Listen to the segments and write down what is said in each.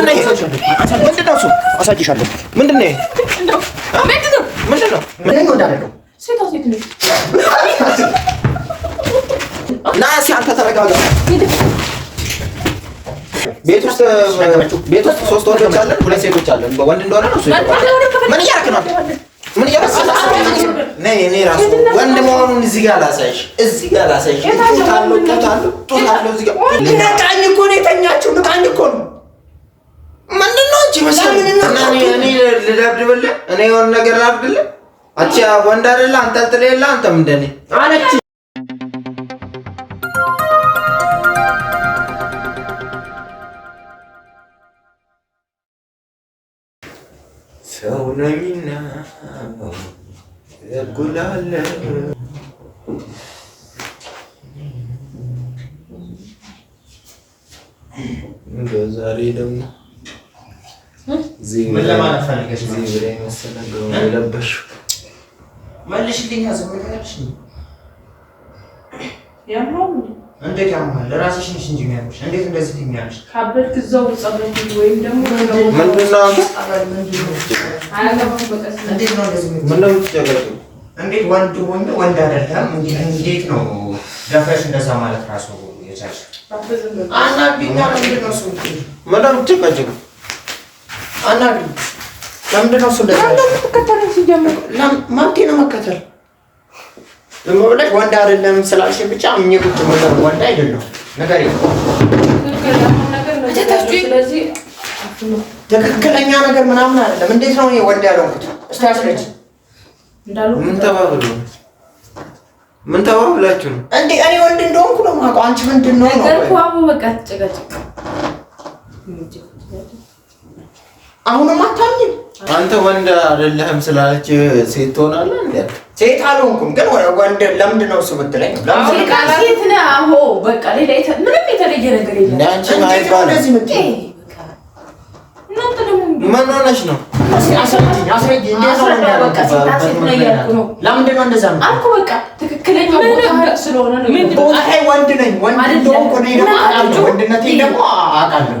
ምንድነው ይሄ? አሳይሻለሁ። ምንድነው ይሄ? ና እስኪ አንተ ተረጋጋ። ቤት ውስጥ ቤት ውስጥ ሶስት ወንዶች አለን፣ ሁለት ሴቶች አለን። ወንድ እንደሆነ ነው እሱ። ምን እያደረክ ነው? ምን እያደረክ እኔ ራሱ ወንድ መሆኑን እዚህ ጋር ላሳይሽ፣ እዚህ ጋር ላሳይሽ። ጡት አለው፣ ጡት አለው፣ ጡት አለው። እዚህ ጋር ንቃኝ እኮ ነው የተኛችው፣ ንቃኝ እኮ ነው ያለች ይመስላል። እኔ ልደብድብልህ፣ እኔ የሆነ ነገር አድርግልህ አንቺ ወንድ አይደለ? አንጠልጥል የለ አንተም እንደኔ አለች። ሰው ነኝና እጉላለሁ ዛሬ ደግሞ ምን ለማለት ፈልገሽ ነው? እንዴት ያምራል? ራስሽ ነሽ እንጂ የሚያምርሽ። እንዴት እንደዚህ ትኛለሽ? ካበድክ እዛው ጸበል ወይም ደግሞ እንዴት ወንድ ሆኜ ወንድ አይደለም። እንዴት ነው ደፍረሽ እንደዛ ማለት ራሱ የቻልሽ? ምንድን ነው እሱ ምንድን ነው አናግሪኝ። ለምንድን ነው እሱ መብቴ ነው መከተል። ዝም ብለሽ ወንድ አይደለም ስላልሽ ብቻ እኔ ቁጭ መጠር ወንድ አይደለም ነገር ትክክለኛ ነገር ምናምን አይደለም። እንዴት ነው ወንድ ያልሆንኩት? እስኪ አስረጅ። ምን ምን ተባብላችሁ ነው እንዴ? እኔ ወንድ እንደሆንኩ ነው የማውቀው። አንቺ ምንድን ነው ነው አሁንም አታምኝም። አንተ ወንድ አይደለህም ስላለች ሴት ትሆናለህ እንዴ? ሴት አልሆንኩም፣ ግን ወንድ ለምንድን ነው እሱ ብትለኝ ሴት ነህ። አዎ በቃ ሌላ ምንም የተለየ ነገር የለም። ምን ሆነሽ ነው? ለምንድን ነው እንደዛ ነው በቃ ትክክለኛ ስለሆነ ወንድ ነኝ። ወንድ እንደሆንኩ ደግሞ አውቃለሁ።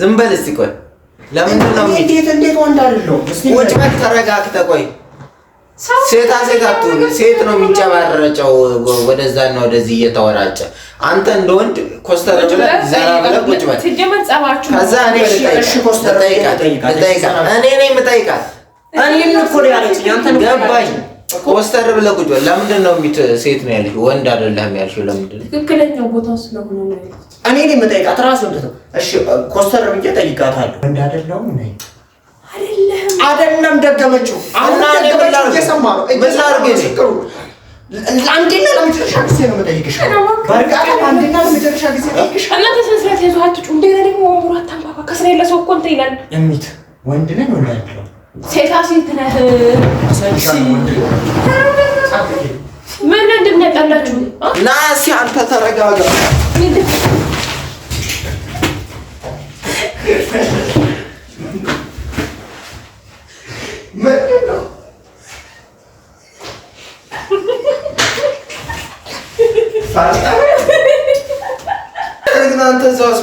ዝም በል እስቲ ቆይ። ለምንድን ነው እንዴት ወንድ ቁጭ ቆይ። ሴት ሴት ነው የሚንጨባረጨው ወደዛና ወደዚህ እየተወራጨ አንተ እንደ ወንድ ኮስተረጭ ኮስተር ብለህ ቁጭ በል። ለምንድን ነው ሴት ነው ያለችው ወንድ አይደለህም ያልሽው? ለምንድን ነው ትክክለኛው ቦታ ስለሆነ ነው እኔ እኔ የምጠይቃት ራሴ ወንድ ነው። እሺ ኮስተር ብዬ ጠይቃታለሁ። ወንድ አይደለሁም ነኝ አይደለም ደገመችው። እየሰማ ነው። በዛ ለመጨረሻ ጊዜ ነው የምጠይቅሽ። አትጩ። ከስራ የለ ሰው እኮ እንትን ይላል። እሚት ወንድ ነኝ ወንድ አይደለሁም። ሴታ ሴት ነህ። ምን እንደሚያጣላችሁ ና እስኪ አንተ ተረጋጋ።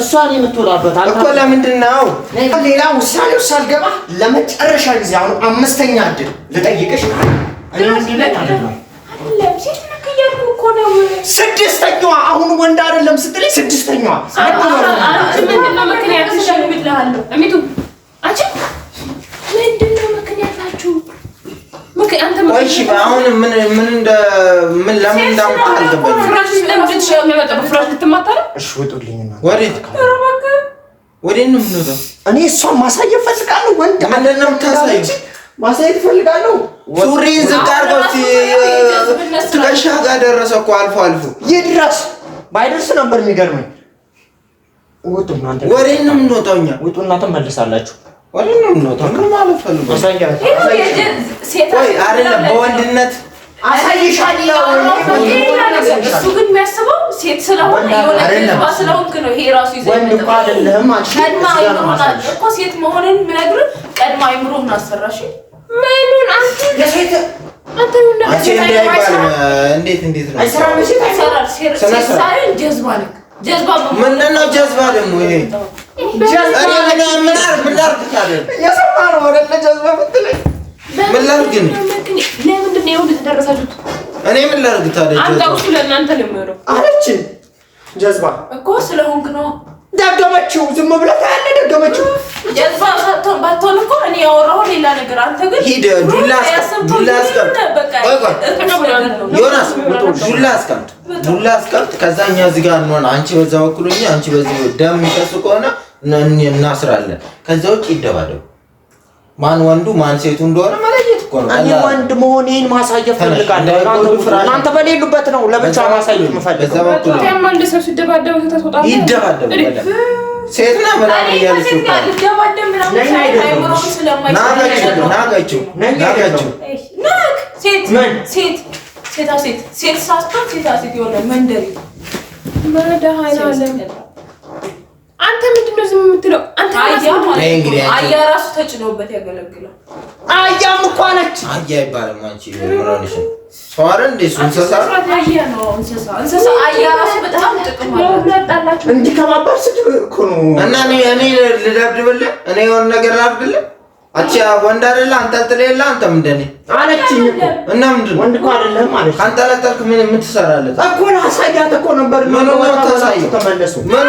እሷን የምትወጣበት እኮ ለምንድን ነው? ሌላ ውሳኔው ሳልገባ ለመጨረሻ ጊዜ አሁን አምስተኛ እድል ልጠይቅሽ። ስድስተኛዋ አሁን ወንድ አይደለም ስትለኝ ስድስተኛዋ ምንድን አሁን ምን ምን እንደ ምን ለምን እንዳመጣ አልገባኝም። እኔ እሷን ማሳየት ፈልጋለሁ። ወንድ ምንድን ነው የምታሳየው? ደረሰ እኮ አልፎ አልፎ ይድረስ። ባይደርስ ነበር የሚገርመኝ። ወዴት ነው የምንወጣው እኛ? ውጡና ትመልሳላችሁ። ወዴት ነው የምንወጣው? ምን ማለት ፈልጋለሁ አይደለም በወንድነት አሳይሻለሁ። እሱ ግን የሚያስበው ሴት ስለሆነ ስለሆንክ ነው። ይሄ ራሱ እኮ ሴት መሆንን የምነግርህ ቀድማ አይምሮ ምን አሰራሽ ምኑን ምንድን ጀዝባ ደግሞ ይሄ ጀዝባ ምን አድርግ የሰማነው አይደለ ጀዝባ የምትለኝ ምን ላድርግ? እኔ ምን ላድርግ ታዲያ? አለች ጀዝባ እኮ ስለሆንክ ነው። ደገመችው። ዝም ብላ ታያለህ። ደገመችው። ጀዝባ ባትሆን እኮ እኔ ሌላ ነገር፣ አንተ ግን ዱላ አስቀምጥ፣ ዱላ አስቀምጥ። ከዛ እኛ እዚህ ጋር እንሆን። አንቺ በዛ በኩል አንቺ በዚህ ደም ከሆነ እናስራለን። ከዛ ውጭ ይደባደቡ ማን ወንዱ ማን ሴቱ እንደሆነ መለየት እኮ ነው። እኔ ወንድ መሆኔን ማሳየት ፈልጋለሁ። እናንተ በሌሉበት ነው ለብቻ ማሳየት የምፈልገው። ሰው ሲደባደብ ይደባደብ ሴት ሴት ሴት ሳስቶ ሴት መንደሪ አንተ ምንድነው ዝም የምትለው? አንተ እንግዲህ አያ ራሱ ተጭኖበት ያገለግለው። አያም እኮ አለች። አያ ይባላል። አንቺ ምራንሽ ሷር እንዴ እንስሳ አያ ነው። እንሰሳ እንሰሳ አያ ራሱ በጣም ጥቅም አለው። እንዲህ ከባባር ስትል እኮ ነው። እና እኔ እኔ ልደብድብልህ እኔ የሆነ ነገር ላድርግልህ። አቺ ወንድ አይደለ አንጠልጥል የለ አንተ ምንድነኝ ነህ አለችኝ እኮ። እና ምንድን ነው ወንድ እኮ አይደለህም አለች። አንጠለጠልክ ምን የምትሰራለህ እኮ ላሳያት እኮ ነበር። ምን ነው ተሳይ ተመለሱ ምኑ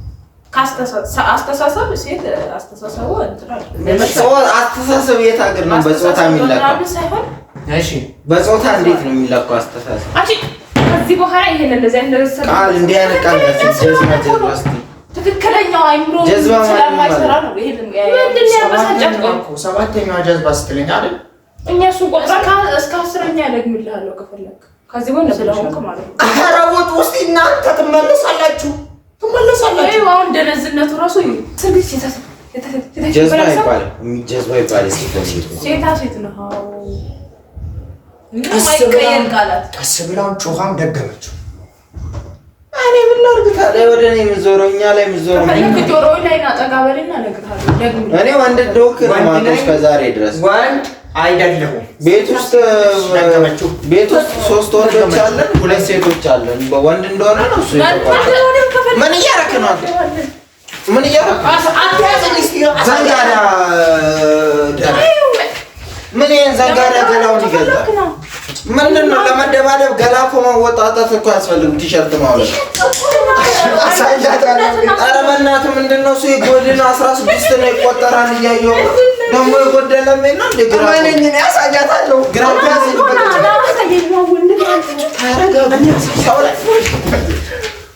አስተሳሰብ ሴት አስተሳሰቡ አስተሳሰብ የት ሀገር ነው በፆታ የሚለካው? በፆታ እንዴት ነው የሚለካው አስተሳሰብ? ከዚህ በኋላ ይሄን እንደዚህ ትክክለኛው አይምሮ ስለማይሰራ ነው። ሰባተኛዋ ጀዝባ ስትለኝ አይደል እኛ እሱ እስከ አስረኛ ያለግምልሃለሁ ከፈለግ ከዚህ ጎን ስለሆንክ ማለት ነው። ልዩነቱ ራሱ ቀስ ብላም ጮኻም ደገመችው። እኔ ምን ላድርግ ታዲያ? ወደ እኔ የምትዞረው እኛ ላይ የምትዞረው እኔ ወንድ ዶክ ነው እስከ ዛሬ ድረስ ወንድ አይደለሁም። ቤት ውስጥ ቤት ውስጥ ሶስት ወንዶች አለን፣ ሁለት ሴቶች አለን። ወንድ እንደሆነ ነው እሱ። ምን እያደረክ ነው? ምን ምን ይሄን ዘንጋዳ ገላውን ይገልጣል። ምንድን ነው ለመደባደብ ገላ እኮ መወጣጣት እኮ አያስፈልግም። ቲሸርት ማውለቅ ኧረ በእናትህ ምንድን ነው እሱ የጎድን አስራ ስድስት ነው ይቆጠራል። እያየሁ ደግሞ የጎደለም የለም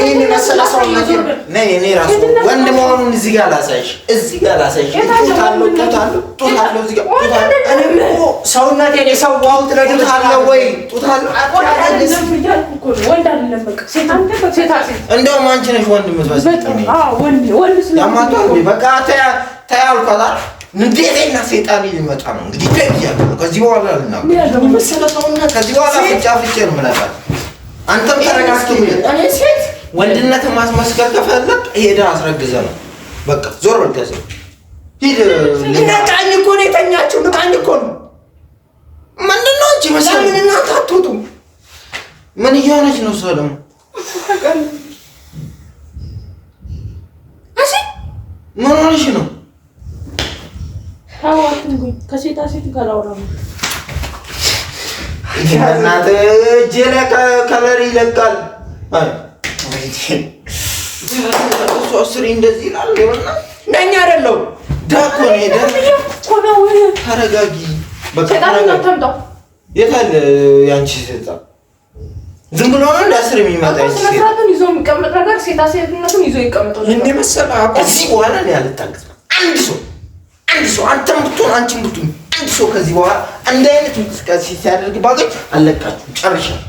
ይሄን የመሰለ ሰውነት እኔ ራሱ ወንድ መሆኑን እዚህ ጋር ላሳይሽ፣ እዚህ ጋር ላሳይሽ። ሰውነቴን የሰዋሁት ለጡት አለው ወይ? ጡት አለው። እንደውም አንቺ ነሽ ወንድ የምትመስለው። በቃ ተይ አልኳት። ሴጣን ሊመጣ ነው እንግዲህ ከዚህ በኋላ ከዚህ በኋላ ፍጫ ነው አንተም ተረጋግቶ እኔ ሴት ወንድነት ማስመስከር ከፈለግ ሄደህ አስረግዘ ነው። በቃ ዞር በል ከዚህ ሂድ። ንቃኝ እኮ ነው የተኛችው። ንቃኝ እኮ ነው። ምንድን ነው እንጂ መሰለኝ። ለምን እናንተ አትወጡም? ምን እየሆነች ነው? ሰለሙ ደግሞ ምን ሆነሽ ነው? ከሴት ሴት ጋር አውራ እናንተ እጄ ላይ ከለር ይለቃል። እንደዚህ ይላል። ነኝ አይደለው? ዳኮ ነው። ተረጋጊ። የት አለ ያንቺ ሰይጣን? ዝም ብሎ ነው እንደ አስር የሚመጣ ይዞ የሚቀመጥ ነገር ሴታ ሴትነቱን ይዞ ይቀመጣል። እንደ መሰለ ከዚህ በኋላ እኔ አልታገስም። አንድ ሰው አንድ ሰው አንተም ብትሆን አንቺም ብትሆን አንድ ሰው ከዚህ በኋላ አንድ አይነት እንቅስቃሴ ሲያደርግ ባገኝ አለቃችሁ ጨርሻለሁ።